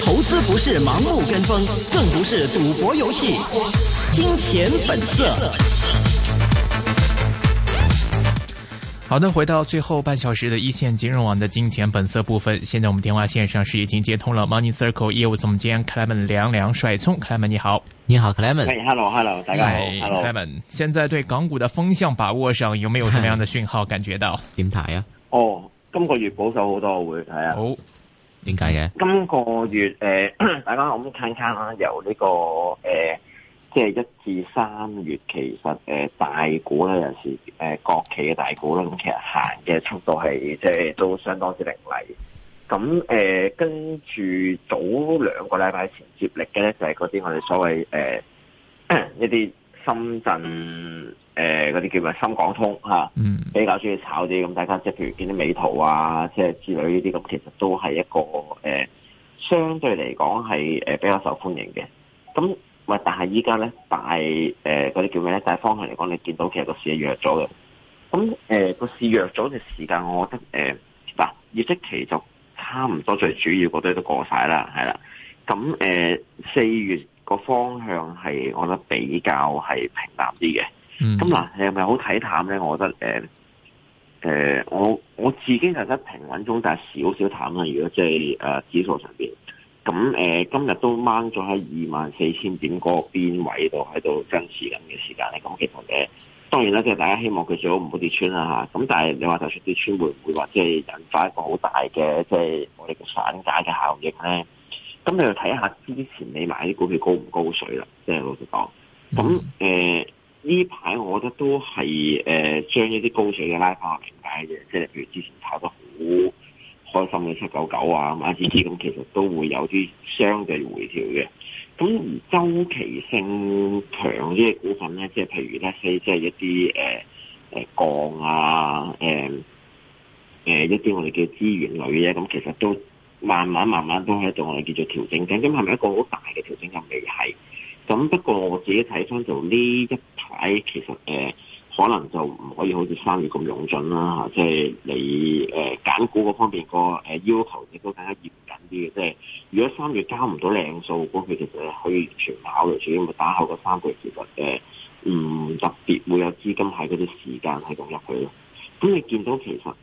投資不是盲目跟風，更不是賭博遊戲。金錢本色。好的，回到最後半小時的一線金融網的金錢本色部分。現在我們電話線上是已經接通了 Money Circle 業務總監 Clement 梁梁帥聰。Clement 你好，你好 Clement。Hey, Hello，Hello，大家好 Hello Clement，現在對港股的風向把握上有沒有什麼樣的訊號？感覺到點睇呀哦。Oh. 今個月保守好多會係啊，點解嘅？今個月誒、呃，大家可唔可以睇一睇啦，由呢、這個誒、呃，即係一至三月，其實誒、呃、大股咧，有時誒、呃、國企嘅大股咧，咁其實行嘅速度係即係都相當之凌厲。咁誒，跟、呃、住早兩個禮拜前接力嘅咧，就係嗰啲我哋所謂誒一啲深圳。誒，嗰啲、呃、叫咩深港通吓、啊，比較中意炒啲咁，嗯、大家即係譬如見啲美圖啊，即係之類呢啲咁，其實都係一個誒、呃，相對嚟講係誒比較受歡迎嘅。咁、嗯、喂，但係依家咧大誒嗰啲叫咩咧？大方向嚟講，你見到其實個市係、嗯呃、市弱咗嘅。咁誒個市弱咗嘅時間，我覺得誒嗱，業、呃、績期就差唔多最主要嗰堆都過晒啦，係啦。咁誒四月個方向係，我覺得比較係平淡啲嘅。咁嗱，你係咪好睇淡咧？我覺得，誒， 誒、嗯，我我自己就得平穩中，但係少少淡啦。如果即係誒指數上邊，咁誒今日都掹咗喺二萬四千點嗰邊位度，喺度爭持緊嘅時間咧。咁其實，當然啦，即係大家希望佢最好唔好跌穿啦吓。咁但係你話就算跌穿，會唔會話即係引發一個好大嘅即係我哋嘅散反嘅效應咧？咁你要睇下之前你買啲股票高唔高水啦。即係老實講，咁誒。呢排我覺得都係誒、呃、將一啲高水嘅拉返落平底嘅，即係譬如之前炒得好開心嘅七九九啊、萬紫紫咁，其實都會有啲相對回調嘅。咁而周期性強啲嘅股份咧，即係譬如咧，即係一啲誒誒鋼啊、誒、呃、誒、呃、一啲我哋叫資源類嘅，咁、嗯、其實都慢慢慢慢都喺度，我哋叫做調整緊。咁係咪一個好大嘅調整嘅未係？咁不過我自己睇翻就呢一排其實誒、呃、可能就唔可以好似三月咁湧進啦嚇，即、啊、係、就是、你誒揀、呃、股嗰方面個誒、呃、要求亦都更加嚴謹啲嘅。即係如果三月交唔到靚數，咁佢其實可以全考慮住咪打後嗰三個月。其實誒唔特別會有資金喺嗰啲時間係咁入去咯。咁你見到其實誒、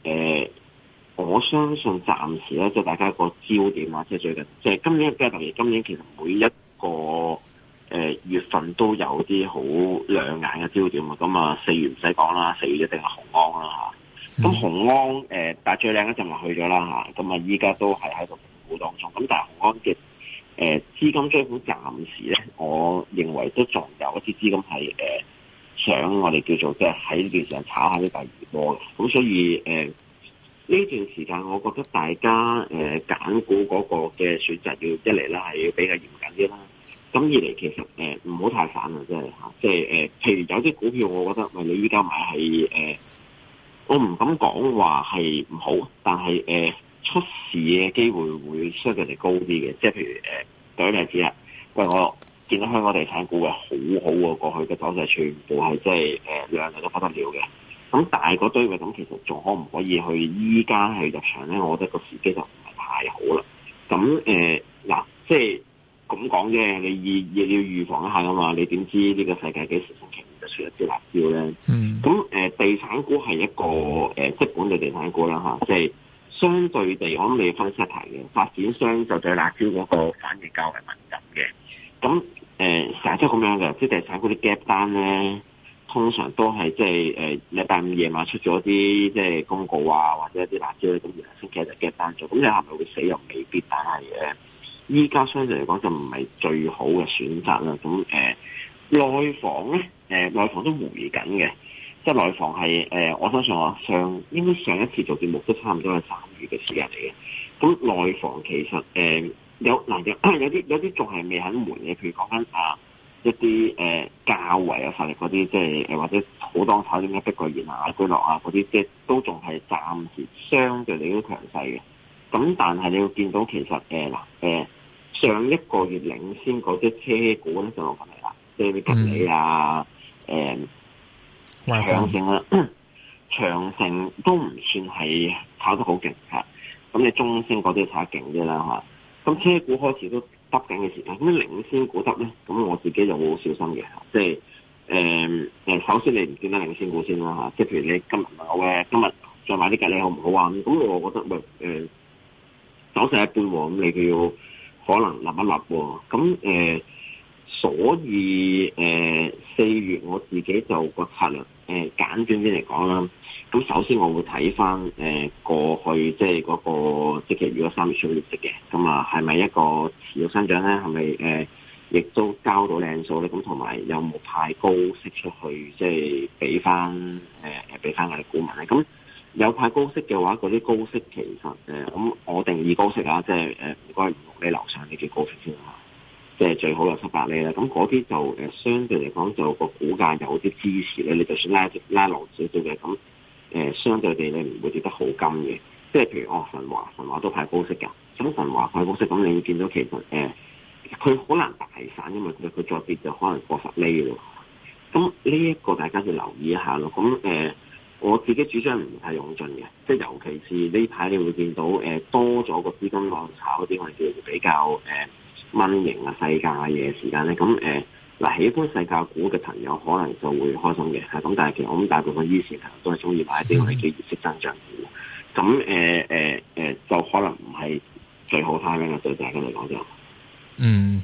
呃，我相信暫時咧，即係大家個焦點啊，即係最近，即、就、係、是、今年更加特別，今年其實每一個，誒、呃，月份都有啲好亮眼嘅焦點啊！咁、嗯、啊，四月唔使講啦，四月一定係洪安啦吓。咁、啊嗯、洪安誒，但、呃、最靚一陣就去咗啦吓。咁啊，依家都係喺度盤估當中。咁、嗯、但係洪安嘅誒資金追捧暫時咧，我認為都仲有一啲資金係誒、呃、想我哋叫做即係喺呢段時間炒下呢第二波嘅。咁、嗯、所以誒呢、呃、段時間，我覺得大家誒揀股嗰個嘅選擇要一嚟啦，係要比較嚴謹啲啦。咁二嚟，其實誒唔好太散啦，真係嚇。即係誒、呃，譬如有啲股票，我覺得，喂，你依家買係誒、呃，我唔敢講話係唔好，但係誒、呃、出事嘅機會會相對嚟高啲嘅。即係譬如誒，舉、呃、例子啊，喂，我見到香港地產股嘅好好、啊、喎，過去嘅走勢全部係即係誒兩日都不得了嘅。咁大嗰堆嘅，咁其實仲可唔可以去依家去入場咧？我覺得個時機就唔係太好啦。咁誒嗱，即係。咁講嘅，你亦亦要，要預防一下噶嘛？你點知呢個世界幾時星期五就出一啲辣椒咧？咁誒、mm hmm. 呃，地產股係一個誒、呃，即係本地地產股啦嚇，即、啊、係、就是、相對地，我諗你分析睇嘅發展商就對辣椒嗰個反應較為敏感嘅。咁誒，成日都咁樣嘅，即係地產股啲 gap 單咧，通常都係、就是呃、即係誒禮拜五夜晚出咗啲即係公告啊，或者一啲辣椒咁，然後星期日就 gap 單咗。咁你係咪會死又未必，但係嘅。依家相對嚟講就唔係最好嘅選擇啦。咁誒內房咧，誒、呃、內房都回緊嘅，即係內房係誒、呃，我相信我上應該上一次做節目都差唔多係三月嘅時間嚟嘅。咁內房其實誒、呃、有嗱、呃、有啲有啲仲係未肯回嘅，譬如講緊啊一啲誒較為啊發力嗰啲，即係誒或者好多炒啲解碧桂園啊、雅居樂啊嗰啲，即係都仲係暫時相對嚟都強勢嘅。咁但係你要見到其實誒嗱誒。呃呃呃呃上一個月領先嗰啲車股咧就落嚟啦，即係啲吉利啊，誒，長城啦，長城都唔算係炒得好勁嘅，咁、啊、你中升嗰啲炒得勁啲啦嚇，咁、啊、車股開始都得緊嘅時間，咁、啊、啲領先股得咧，咁我自己就又好小心嘅，即係誒誒，首先你唔見得領先股先啦嚇，即、啊、係譬如你今日問我嘅，今日再買啲吉利好唔好啊？咁我覺得咪誒、呃、走勢一半喎，咁你就要。可能立一立喎？咁誒、呃，所以誒四、呃、月我自己就個策略誒、呃、簡短啲嚟講啦。咁首先我會睇翻誒過去即係嗰、那個即期如果三月出業績嘅，咁啊係咪一個持續增長咧？係咪誒亦都交到靚數咧？咁同埋有冇派高息出去即係俾翻誒誒俾翻我哋股民咧？咁。有派高息嘅話，嗰啲高息其實誒，咁、呃、我定義高息啊，即係誒唔該唔同你樓上呢條高息先啦，即、就、係、是、最好有十八厘啦。咁嗰啲就誒、呃、相對嚟講就個股價有啲支持咧。你就算拉拉落少少嘅，咁誒、呃、相對地你唔會跌得好急嘅。即係譬如哦，神華神華都派高息嘅，咁神華派高息，咁你會見到其實誒，佢、呃、好難大散，因為佢佢再跌就可能過十厘咯。咁呢一個大家要留意一下咯。咁誒。呃我自己主張唔係用盡嘅，即係尤其是呢排，你會見到誒、呃、多咗個資金浪炒一啲我哋叫比較誒、呃、蚊型啊細價嘅嘢時間咧，咁誒嗱，喜、呃、歡細價股嘅朋友可能就會開心嘅，嚇咁，但係其實我諗大部分於時都係中意買一啲我哋叫意識增長股，咁誒誒誒就可能唔係最好睇嘅啦對大家嚟講就嗯。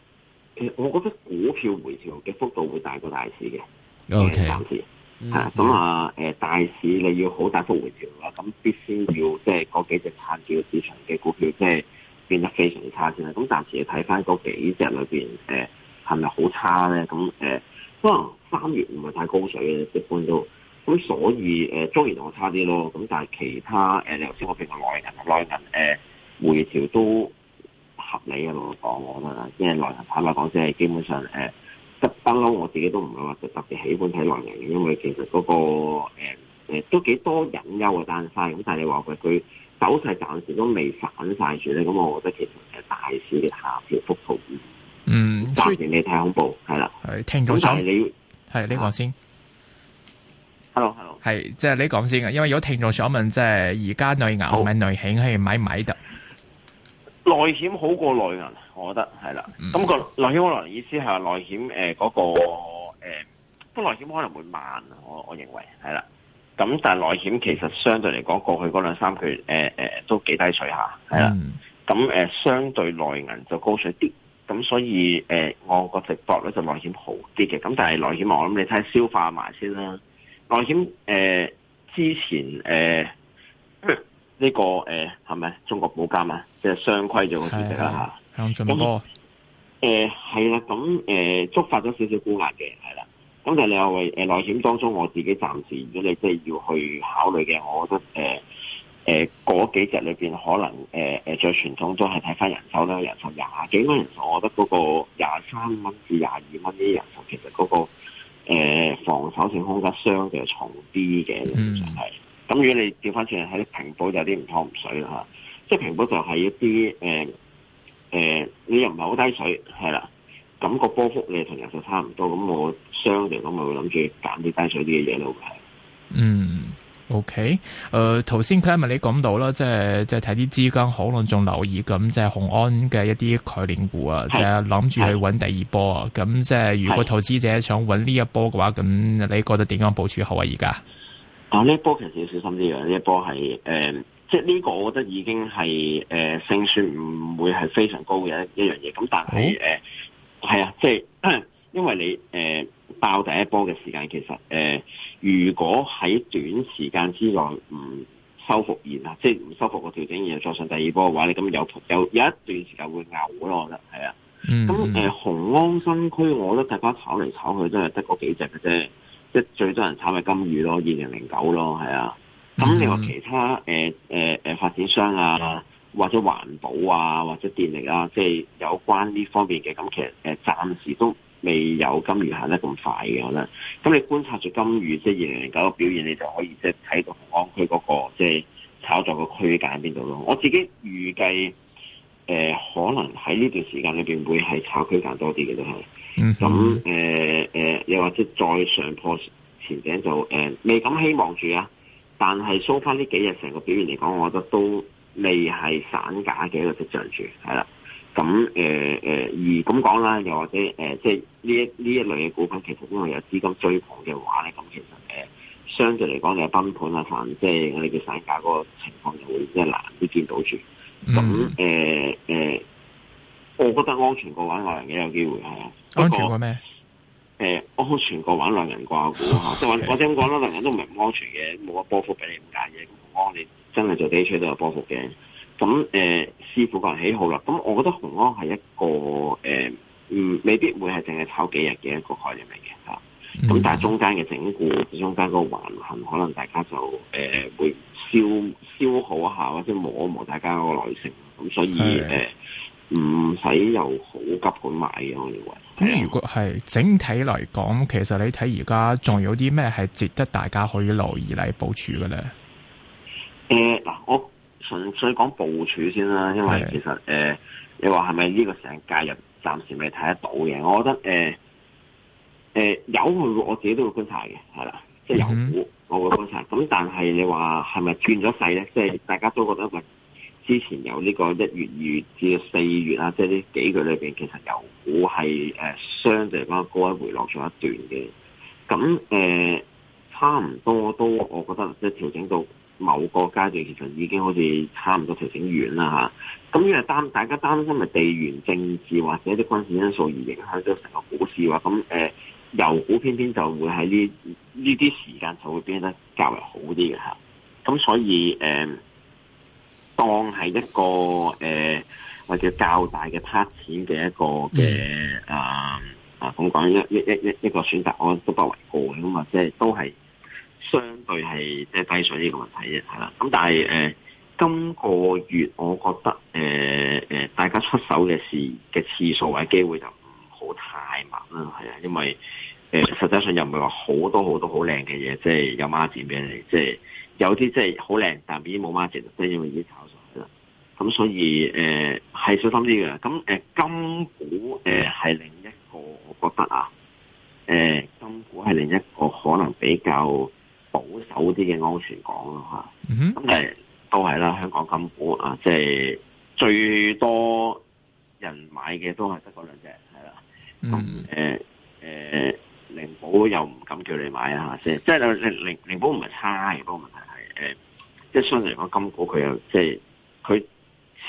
我覺得股票回調嘅幅度會大過大市嘅，暫時嚇。咁、嗯、啊，誒、嗯嗯、大市你要好大幅回調喇，咁必須要即係嗰幾隻撐住市場嘅股票，即係變得非常差先。咁暫時你睇翻嗰幾隻裏邊，誒係咪好差咧？咁誒可能三月唔係太高水嘅，一般都咁，所以誒中原仲差啲咯。咁但係其他誒，你頭先我提到內銀，內銀誒、呃、回調都。合理、嗯、啊，我講我啦，即係內涵跑來講，即係基本上誒，得翻咯。我自己都唔會話特特別喜歡睇內銀嘅，因為其實嗰個誒都幾多隱憂啊，單單咁。但係話佢佢走勢暫時都未散晒住咧，咁我覺得其實誒大市嘅下跌幅度。嗯，雖然你太恐怖，係啦，係聽眾想，你係呢個先。Hello，hello，係即係你講先啊！因為如果聽眾想問，即係而家內銀買內險係咪買得？內險好過內銀，我覺得係啦。咁、那個內險可能意思係內險，誒、呃、嗰、那個誒，不過內險可能會慢。我我認為係啦。咁但係內險其實相對嚟講，過去嗰兩三個月，誒、呃、誒、呃，都幾低水下，係啦。咁誒、嗯呃，相對內銀就高水啲。咁所以誒、呃，我個直覺咧就內險好啲嘅。咁但係內險我諗你睇消化埋先啦。內險誒，之前誒。呃嗯呢個誒係咪中國保監啊？即係雙規咗嘅主席啦嚇。咁誒係啦，咁誒觸發咗少少沽壓嘅係啦。咁但係你話為誒內險當中，我自己暫時如果你真係要去考慮嘅，我覺得誒誒嗰幾隻裏邊可能誒誒最傳統都係睇翻人手啦，人手廿幾蚊人手，我覺得嗰個廿三蚊至廿二蚊呢啲人手，其實嗰個防守性空間相對重啲嘅，就、嗯、係。嗯咁如果你調翻轉喺平保就有啲唔湯唔水啦嚇，即係平保就係一啲誒誒，你又唔係好低水，係啦，感覺波幅你同人就差唔多，咁我相對嚟咁，我會諗住揀啲低水啲嘅嘢咯。嗯，OK，誒，頭先 Clement 咪你講到啦，即係即係睇啲資金可能仲留意咁，即係雄安嘅一啲概念股啊，即係諗住去揾第二波啊。咁是即係如果投資者想揾呢一波嘅話，咁你覺得點樣部署好啊？而家？啊！呢、哦、一波其實要小心啲嘅，呢一波係誒、呃，即係呢個，我覺得已經係誒勝算唔會係非常高嘅一一樣嘢。咁但係誒，係、哦呃、啊，即係因為你誒、呃、爆第一波嘅時間，其實誒、呃，如果喺短時間之內唔收復完啊，即係唔收復個調整，然後再上第二波嘅話你咁有有有一段時間會嘔咯。我覺得係啊。咁誒、嗯嗯，雄、嗯呃、安新區，我覺得大家炒嚟炒去都係得嗰幾隻嘅啫。即係最多人炒嘅金隅咯，二零零九咯，係啊、mm。咁你話其他誒誒誒發展商啊，或者環保啊，或者電力啊，即、就、係、是、有關呢方面嘅，咁其實誒暫、呃、時都未有金隅行得咁快嘅，我覺得。咁你觀察住金隅即係二零零九嘅表現，你就可以即係睇到港區嗰個即係、就是、炒作嘅區間喺邊度咯。我自己預計誒可能喺呢段時間裏邊會係炒區間多啲嘅都係。咁誒誒，又或者再上破前頂就誒、呃，未敢希望住啊。但係掃翻，呢幾日成個表現嚟講，我覺得都未係散架嘅一個跡象住，係啦。咁誒誒，而咁講啦，又或者誒、呃，即係呢一呢一類嘅股份，其實因為有資金追捧嘅話咧，咁其實誒、呃，相對嚟講就係崩盤啊，即係我哋叫散架嗰個情況就會即係難啲見到住。咁誒誒，我覺得安全個話，我係幾有機會，係啊。安全過咩？誒、欸，安全過玩兩人掛股， 即係我聽講啦，兩 人都唔係唔安全嘅，冇個波幅俾你唔解嘅。咁鴻安你真係做低吹都有波幅嘅。咁誒、欸，師傅個人喜好啦。咁我覺得鴻安係一個誒，嗯、欸，未必會係淨係炒幾日嘅一個概念嚟嘅吓。咁但係中間嘅整固、嗯，中間個橫行，可能大家就誒、欸、會消消耗下或者磨一磨大家個耐性。咁所以誒。 嗯唔使又好急咁買嘅，我認為。咁、嗯、如果係整體嚟講，其實你睇而家仲有啲咩係值得大家可以留意嚟部署嘅咧？誒嗱、嗯，我純粹講部署先啦，因為是其實誒、呃，你話係咪呢個成價人暫時未睇得到嘅？我覺得誒誒、呃呃、有嘅，我自己都會觀察嘅，係啦，即係有、嗯、我會觀察。咁但係你話係咪轉咗勢咧？即、就、係、是、大家都覺得個。之前有呢個一月、二月至四月啦，即係呢幾個裏邊，其實油股係誒、呃、相對嚟講高位回落咗一段嘅。咁誒、呃，差唔多都，我覺得即係調整到某個階段，其實已經好似差唔多調整完啦嚇。咁因為擔大家擔心係地緣政治或者啲軍事因素而影響咗成個股市嘅話，咁誒油股偏偏就會喺呢呢啲時間就會變得較為好啲嘅嚇。咁所以誒、呃當係一個誒或者較大嘅 p a 差錢嘅一個嘅 Yeah. 啊啊，咁講一一一一一個選擇，我都不為過咁嘛，即係都係相對係即係低水呢個問題啫吓。咁但係誒、呃、今個月我覺得誒誒、呃、大家出手嘅次嘅次數或者機會就唔好太猛啦，係啊，因為誒、呃、實際上又唔係話好多好多好靚嘅嘢，即係有孖展俾你，即係。有啲即係好靚，但係已經冇乜值，都因為已經炒上去啦。咁、嗯、所以誒係、呃、小心啲嘅。咁、嗯、誒金股誒係、呃、另一個，我覺得啊，誒、呃、金股係另一個可能比較保守啲嘅安全港咯吓。咁、啊、誒、mm hmm. 都係啦，香港金股啊，即、就、係、是、最多人買嘅都係得嗰兩隻係啦。咁誒誒，靈、hmm. 寶、嗯呃、又唔敢叫你買啊，即、就、先、是？即係你靈靈寶唔係差嘅嗰個問題。誒、嗯，即係相對嚟講，金股佢又即係，佢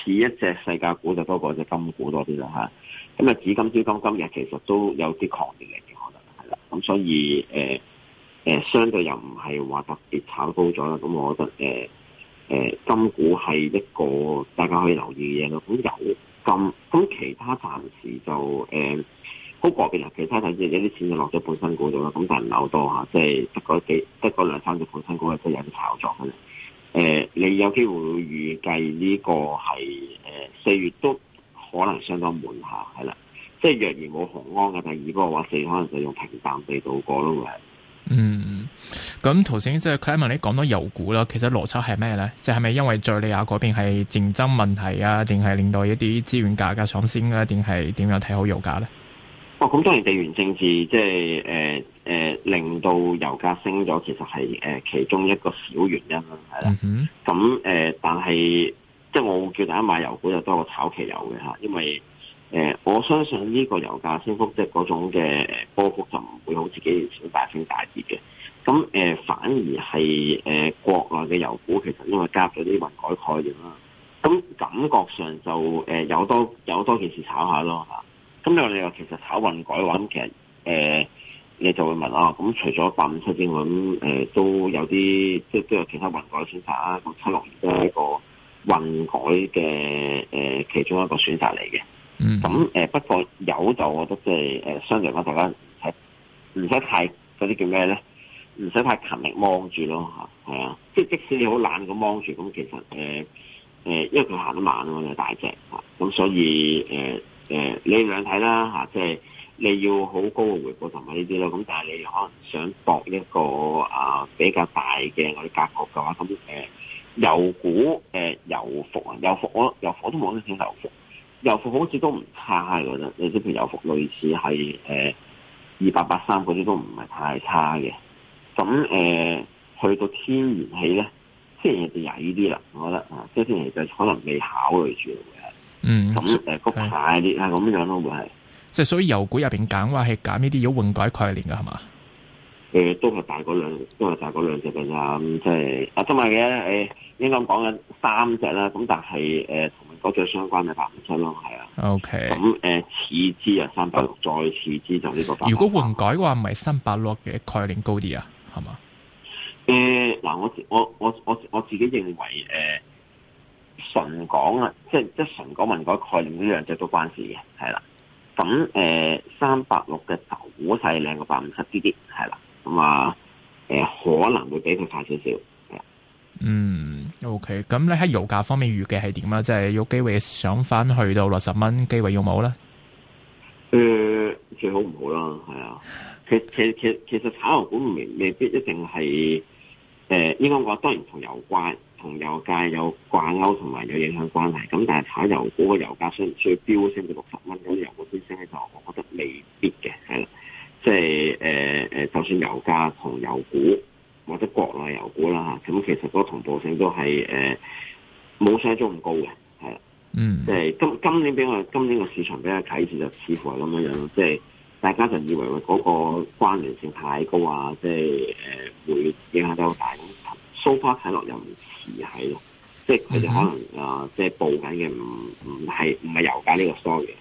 似一隻世界股就多過隻金股多啲啦吓。咁、嗯、啊，紫金、招金、今日其實都有啲抗跌嘅嘅可能係啦。咁、嗯嗯、所以誒誒、嗯嗯，相對又唔係話特別炒高咗啦。咁、嗯、我覺得誒誒、嗯嗯，金股係一個大家可以留意嘅嘢咯。咁、嗯、有咁，咁、嗯、其他暫時就誒。嗯好過嘅啦，其他睇先，有啲錢就落咗本身股度啦。咁但係唔好多吓，即係得嗰得嗰兩三隻本身股，係都有啲炒作嘅。誒、呃，你有機會預計呢個係誒四月都可能相當悶下，係啦。即係若然冇紅安嘅第二波嘅話，四月可能就用平淡地度過咯。嗯，咁頭先即係 Clement 問你講到油股啦，其實邏輯係咩咧？即係咪因為敍利亞嗰邊係戰爭問題啊，定係令到一啲資源價格上升咧？定係點樣睇好油價咧？咁、哦、當然地緣政治即係誒誒令到油價升咗，其實係誒、呃、其中一個小原因啦，係啦。咁誒、嗯哼呃，但係即係我會叫大家買油股就多過炒期油嘅嚇，因為誒、呃、我相信呢個油價升幅即係嗰種嘅波幅就唔會好似幾年前大升大跌嘅。咁誒、呃、反而係誒、呃、國內嘅油股其實因為加咗啲混改概念啦，咁感覺上就誒、呃、有多有多件事炒下咯嚇。咁你又另外，其實炒運改嘅話，咁其實誒、呃，你就會問啊。咁除咗八五七之外，咁、呃、誒都有啲，即係都有其他運改嘅選擇啦。咁、啊、七六二都係一個運改嘅誒、呃、其中一個選擇嚟嘅。咁誒、嗯呃、不過有就，我覺得即係誒，相對嚟講大家唔使唔使太嗰啲叫咩咧？唔使太勤力望住咯，嚇、啊、係啊。即係即使你好懶咁望住，咁其實誒誒、呃呃，因為佢行得慢啊嘛，又大隻啊，咁、啊、所以誒。啊啊啊誒，你兩睇啦吓，即係你要好高嘅回報同埋呢啲咯，咁但係你可能想搏一個啊比較大嘅嗰啲格局嘅話，咁誒油股誒油服啊，油服，油服我油服，油服都冇得升油服，油服好似都唔差噶啫。你知譬如油服類似係誒二八八三嗰啲都唔係太差嘅。咁誒、呃、去到天然氣咧，天然氣就曳啲啦，我覺得啊，即係天然氣就可能未考慮住。嗯，咁誒樣，谷下啲係咁樣咯，咪係的，即係所以油股入邊揀話係揀呢啲要換改概念噶係嘛？誒、呃，都係大嗰兩，都係大嗰兩隻噶咋，咁即係，啊，今日嘅誒，應該講緊三隻啦，咁但係誒同嗰隻相關嘅拍唔出咯，係啊。O K，咁誒，次、呃、之啊，三百六再次之就呢個。如果換改嘅話，唔係三百六嘅概念高啲啊，係嘛？誒，嗱，我我我我我，我自己認為誒。呃呃純港啊，即係即係純港民嗰概念呢兩隻都關事嘅，係啦。咁、啊、誒，三百六嘅走細，兩個百分七啲啲，係啦。咁啊，誒、啊、可能會比佢大少少。嗯，OK。咁你喺油價方面預計係點啊？即、就、係、是、有機會上翻去到六十蚊，機會有冇咧？誒、呃，最好唔好啦，係啊。其其其其實炒港股未未必一定係誒、呃，應該我當然同有關。同油價有掛鈎同埋有影響關係，咁但係炒油股個油價需唔需要飆升到六十蚊，咁油股飆升喺度，我覺得未必嘅，係啦，即係誒誒，就算油價同油股或者國內油股啦，咁、啊、其實個同步性都係誒冇寫足咁高嘅，係啦，嗯，即係今今年俾我今年個市場俾我啟示就似乎係咁樣樣，即係大家就以為嗰個關聯性太高啊，即係誒會影響得好大。蘇花睇落又唔似係咯，即係佢哋可能、嗯、哼啊，即係報緊嘅，唔唔係唔係油價呢個 sorry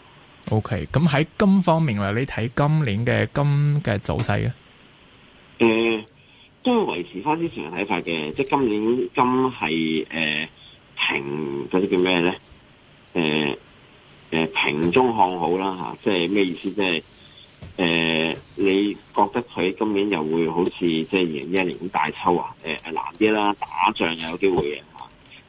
OK，咁喺金方面，我你睇今年嘅金嘅走勢啊，誒、呃，都維持翻之前嘅睇法嘅，即係今年金係誒、呃、平嗰啲叫咩咧？誒、呃、誒，平中看好啦吓，即係咩意思？即係。誒、呃，你覺得佢今年又會好似即係二零一一年咁大抽啊？誒、呃，難啲啦，打仗又有機會嘅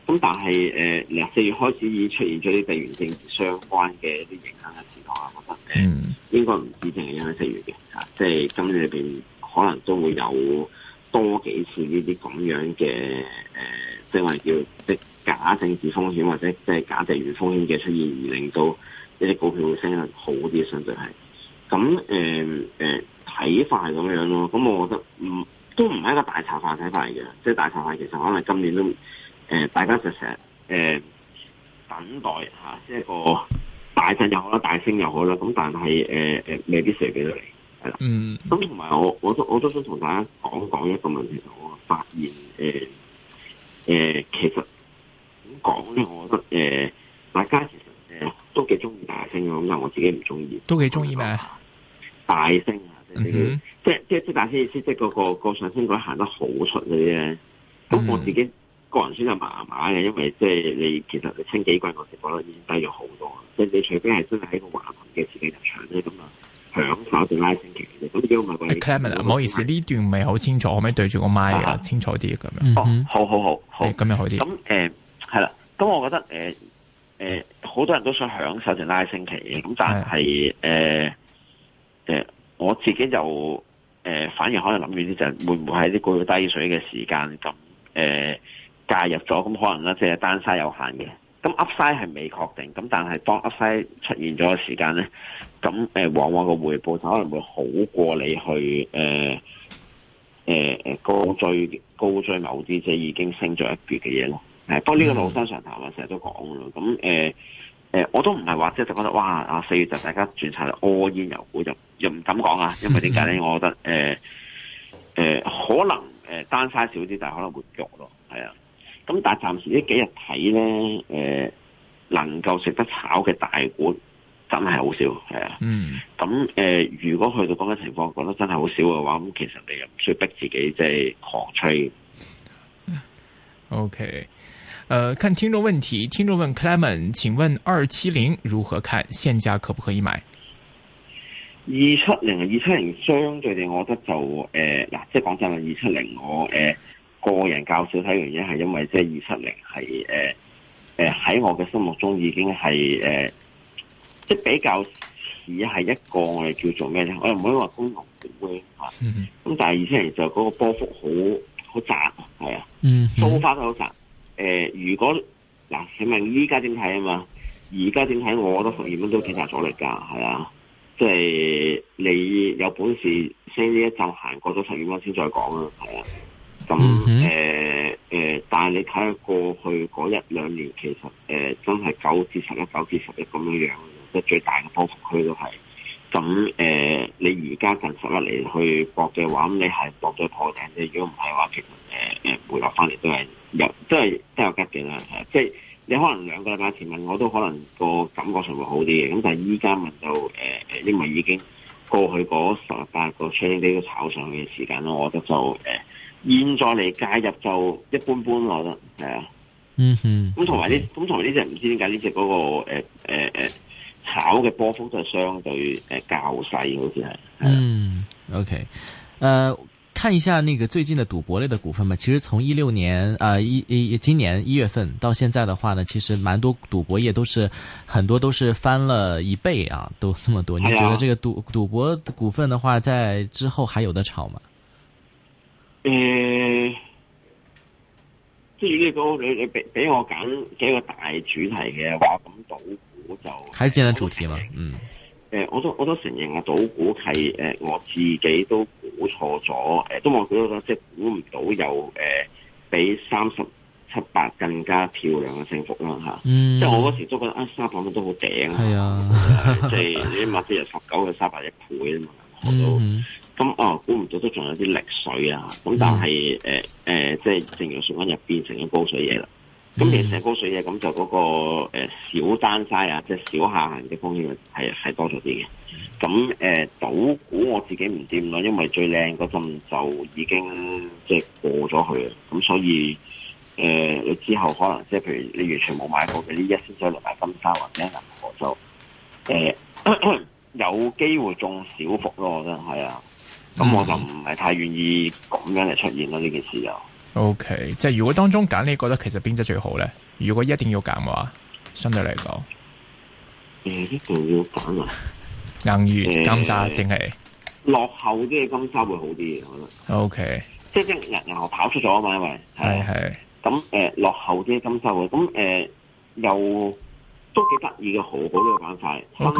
咁、嗯、但係誒，四、呃、月開始已經出現咗啲地緣政治相關嘅一啲影響嘅情況，我覺得誒、呃，應該唔止淨係因為四月嘅吓。即係今年裏邊可能都會有多幾次呢啲咁樣嘅誒、呃，即係話叫即假政治風險或者即係假地緣風險嘅出現，而令到一啲股票會升得好啲，相對係。咁誒誒睇法係咁樣咯，咁我覺得唔都唔係一個大茶飯睇法嚟嘅，即係大茶飯其實可能今年都誒、呃、大家就成日誒、呃、等待吓，即係個大震又好啦，大升又好啦，咁但係誒誒未必水俾到你係啦。嗯。咁同埋我我都我都，我都想同大家講講一個問題，就我發現誒誒、呃呃、其實點講咧，我覺得誒、呃、大家其實誒、呃、都幾中意大升嘅，咁但係我自己唔中意，都幾中意咩？大升啊！即係即係即係大升，即係嗰個個上升嗰啲行得好出嘅啫。咁我自己個人算就麻麻嘅，因為即係你其實你清幾季我哋覺得已經低咗好多。即係你除非係真係喺個畫盤嘅自己入場咧，咁啊享受住拉升期，其實都幾好嘅。Clement，唔好意思，呢段唔係好清楚，可唔可以對住個麥啊？清楚啲咁樣。好好，好，好，咁樣好啲。咁誒，係啦。咁我覺得誒誒，好多人都想享受住拉升期嘅，咁但係誒。自己就誒、呃，反而可能諗住啲，就係會唔會喺啲過低水嘅時間咁誒、呃、介入咗？咁可能咧，即係單晒有限嘅。咁 Upside 係未確定，咁但係當 Upside 出現咗嘅時間咧，咁誒、呃、往往個回報就可能會好過你去誒誒誒高追高追某啲即係已經升咗一橛嘅嘢咯。誒、嗯，不過呢個老生常談啊，成日都講嘅。咁、呃、誒。誒、呃，我都唔係話即係就覺得，哇！啊，四月就大家轉晒嚟，屙煙油股，又又唔敢講啊，因為點解咧？ 我覺得，誒、呃，誒、呃，可能誒、呃、單差少啲，但係可能會喐咯，係啊。咁但係暫時呢幾日睇咧，誒、呃，能夠食得炒嘅大股真係好少，係啊。嗯。 咁、呃、誒，如果去到咁嘅情況，覺得真係好少嘅話，咁其實你又唔需要逼自己即係狂吹。OK。誒、呃，看聽眾問題，聽眾問 Clement 請問二七零如何看？現價可不可以買？二七零，二七零相對地，我覺得就誒，嗱、呃，即係講真話，二七零我，我、呃、誒個人較少睇嘅原因係因為即係二七零係誒誒喺我嘅心目中已經係誒、呃，即係比較似係一個我哋叫做咩咧？我又唔會話公用股咧吓，咁、啊嗯、哼但係二七零就嗰個波幅好好窄，係啊，收翻都好窄。 誒、呃，如果嗱、啊，請問依家點睇啊嘛？而家點睇？我覺得十二蚊都幾大阻力㗎，係啊，即、就、係、是、你有本事先呢一陣行過咗十二蚊先再講啊，係啊。咁誒誒，但係你睇下過去嗰一兩年，其實誒、呃、真係九至十一、九至十一咁樣樣，即係最大嘅波幅區都係。咁、呃、誒、呃，你而家近十一年去搏嘅話，咁、嗯、你係搏咗破頂嘅，如果唔係話誒誒。其實呃呃回落翻嚟都係有，都係都有急跌啦。即係你可能兩個禮拜前問我都可能個感覺上會好啲嘅，咁但係依家問到誒，因、呃、為已經過去嗰十八個車呢都炒上嘅時間咯，我覺得就誒、呃，現在嚟介入就一般般，我覺得係啊。嗯哼。咁同埋呢，咁同埋呢隻唔知點解呢隻嗰個誒誒、呃、炒嘅波幅就相對誒較細，好似係。嗯，OK，誒、uh。看一下那個最近的賭博類的股份嘛，其實從一六年，啊，一一今年一月份到現在的話呢，其實蠻多賭博業都是，很多都是翻了一倍啊，都這麼多。你覺得這個賭賭博股份的話，在之後還有得炒嗎？誒，至係即係如果你你俾俾我揀幾個大主題嘅話，咁賭股就是，還是揀主題嘛，嗯。誒，我都我都承認我倒估係，誒，我自己都估錯咗，誒，都冇估到啦，即係估唔到有誒，比三十七八更加漂亮嘅升幅啦嚇，即係我嗰時都覺得啊，三百分都好頂，係啊，即係起碼即由十九嘅三百分一倍啊嘛，我都咁啊，估唔到都仲有啲力水啊，咁但係誒誒，即係淨陽數翻又變成咗高水嘢啦。咁其、嗯嗯、如石高水嘢，咁就嗰、那個誒、呃、小單差啊，即、就、係、是、小下行嘅風險係係多咗啲嘅。咁誒，賭、呃、股我自己唔掂咯，因為最靚嗰陣就已經即係、就是、過咗去啦。咁所以誒、呃，你之後可能即係譬如，你完全冇買過嘅呢一仙水落埋金沙或者銀河就誒、呃，有機會中小伏咯。我真係啊，咁我就唔係太願意咁樣嚟出現咯呢、嗯、件事就。O、okay, K，即係如果當中揀，你覺得其實邊隻最好咧？如果一定要揀嘅話，相對嚟講，誒一定要揀啊！硬源 魚、呃、金沙定係落後啲嘅金沙會好啲，我覺得。O K，即係一日銀河跑出咗啊嘛，因為係係，咁誒是是、呃、落後啲嘅金沙會，咁誒、呃、又都幾得意嘅，河谷呢個板塊。Okay.